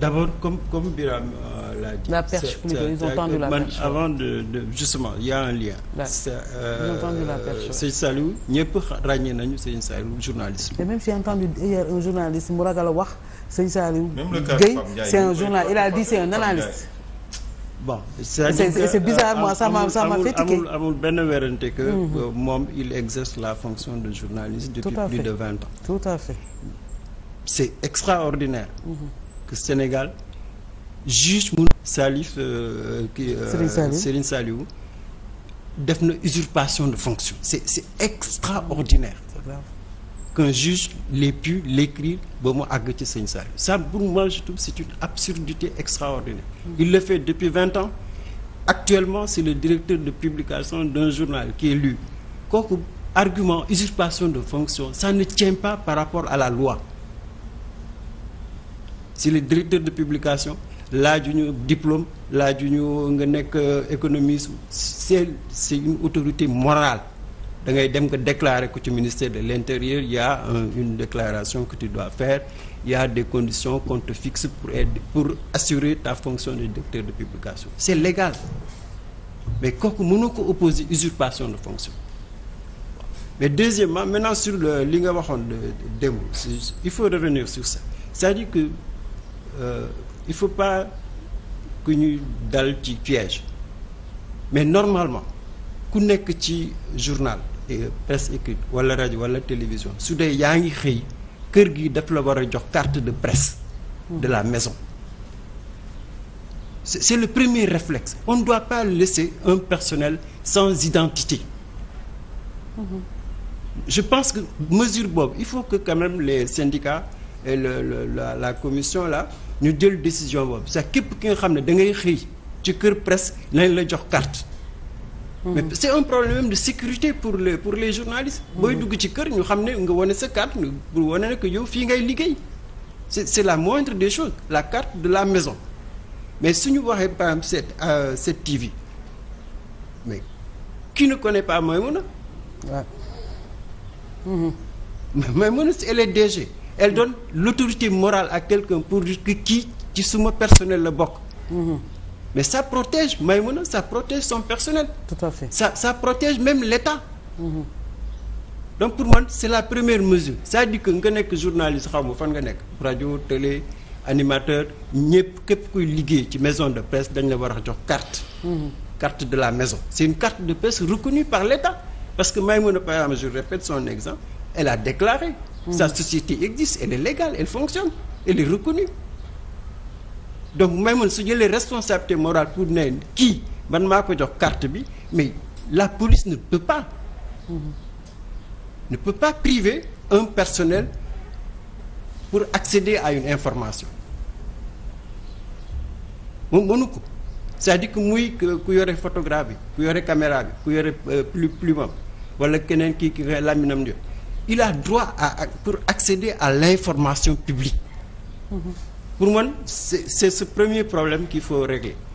d'abord comme comme Birame euh, l'a dit. La perche plutôt, ils ont tendu la perche. avant de, de justement un lien. c'est euh, ils ont tendu la perche. Sëñ Saliou ñëpp ràññee nañu Sëñ Saliou journaliste. mais même j'ai entendu hier euh, un journaliste mu ragal a wax Sëñ Saliou. même le Guèye c'est un journaliste il a dit c'est un analyste. c'est bizarre moi euh, ça m'a ça m'a fait tiquer amul amul benn werante que mhm. euh, moom il exerce la fonction de journaliste depuis plus de vingt ans. tout à fait c'est extraordinaire. Mhm. Sénégal juge mun Salif kii euh, euh, Serigne Saliou def na usurpation de fonction c'est c'est extraordinaire qu'un juge l'ait pu l'écrire ba mu àgg ci Serigne Saliou ça pour moi je trouve c'est une absurdité extraordinaire mm. il le fait depuis vingt ans actuellement c'est le directeur de publication d'un journal qui est lu kooku argument usurpation de fonction ça ne tient pas par rapport à la loi si les directeur de publication laajuñu diplôme ñu nga nekk euh, économiste c'est c'est une autorité morale da ngay dem nga déclarer ko ci ministère de l'intérieur il y a une déclaration que tu dois faire il des conditions qu'on fixe pour aider, pour assurer ta fonction de directeur de publication c'est légal mais kooku mënoo ko opposer usurpation de fonction mais deuxièmement maintenant sur le li nga waxoon démb il faut revenir sur ça cest dire que euh, il faut pas que ñu dal ci piège mais normalement ku nekk ci journal et presse écrite wala rajo wala télévision su dee yaa ngi xëy kër gi daf la war a jox carte de presse de la maison c'est le premier réflexe on ne doit pas laisser un personnel sans identité mm-hmm. je pense que mesure boobu il faut que quand même les syndicats et le, le la la commission la ñu jël décision boobu c'est képp ki nga xam ne da ngay xëy ci kër presque nañ la jox carte. Hmm. mais c'est un problème de sécurité pour le pour les journalistes. Hmm. booy dugg ci kër ñu xam ne nga wane sa carte pour wane ne que yow fii ngay liggéey. c'est c'est la moindre des choses la carte de la maison mais suñu waxee par exemple cette euh, cette TV mais qui ne connaît pas Maïmouna. waaw. Maïmouna elle est DG. elle donne l'autorité morale à quelqu'un pour dire que kii ci suma personnel la bokk mhm. mais ça protège Maïmouna sa protège son personnel tout à fait ça ça protège même l'État mmh. donc pour man c'est la première mesure c'est-à-dire que nga nekk journaliste xaw ma fan nga nekk rajo télé animateur ñëpp képp kuy liggéey ci maison de presse dañ la war a jox carte mmh. carte de la maison c'est une carte de presse reconnue par l'État parce que a par exemple je répète son exemple elle a déclaré Sa société existe, elle est légale, elle fonctionne, elle reconnue. donc may man su jëlee responsabilité morale pour ne kii ban maa ko jox carte bi mais la police ne peut pas ne peut pas priver un personnel pour accéder à une information moom mënu ko cest à muy ku yore photographe bi ku yore caméra bi ku yore euh, plume am wala keneen kii ki nga laminam di il a droit à pour accéder à l'information publique. Mmh. Pour moi, c'est c'est ce premier problème qu'il faut régler.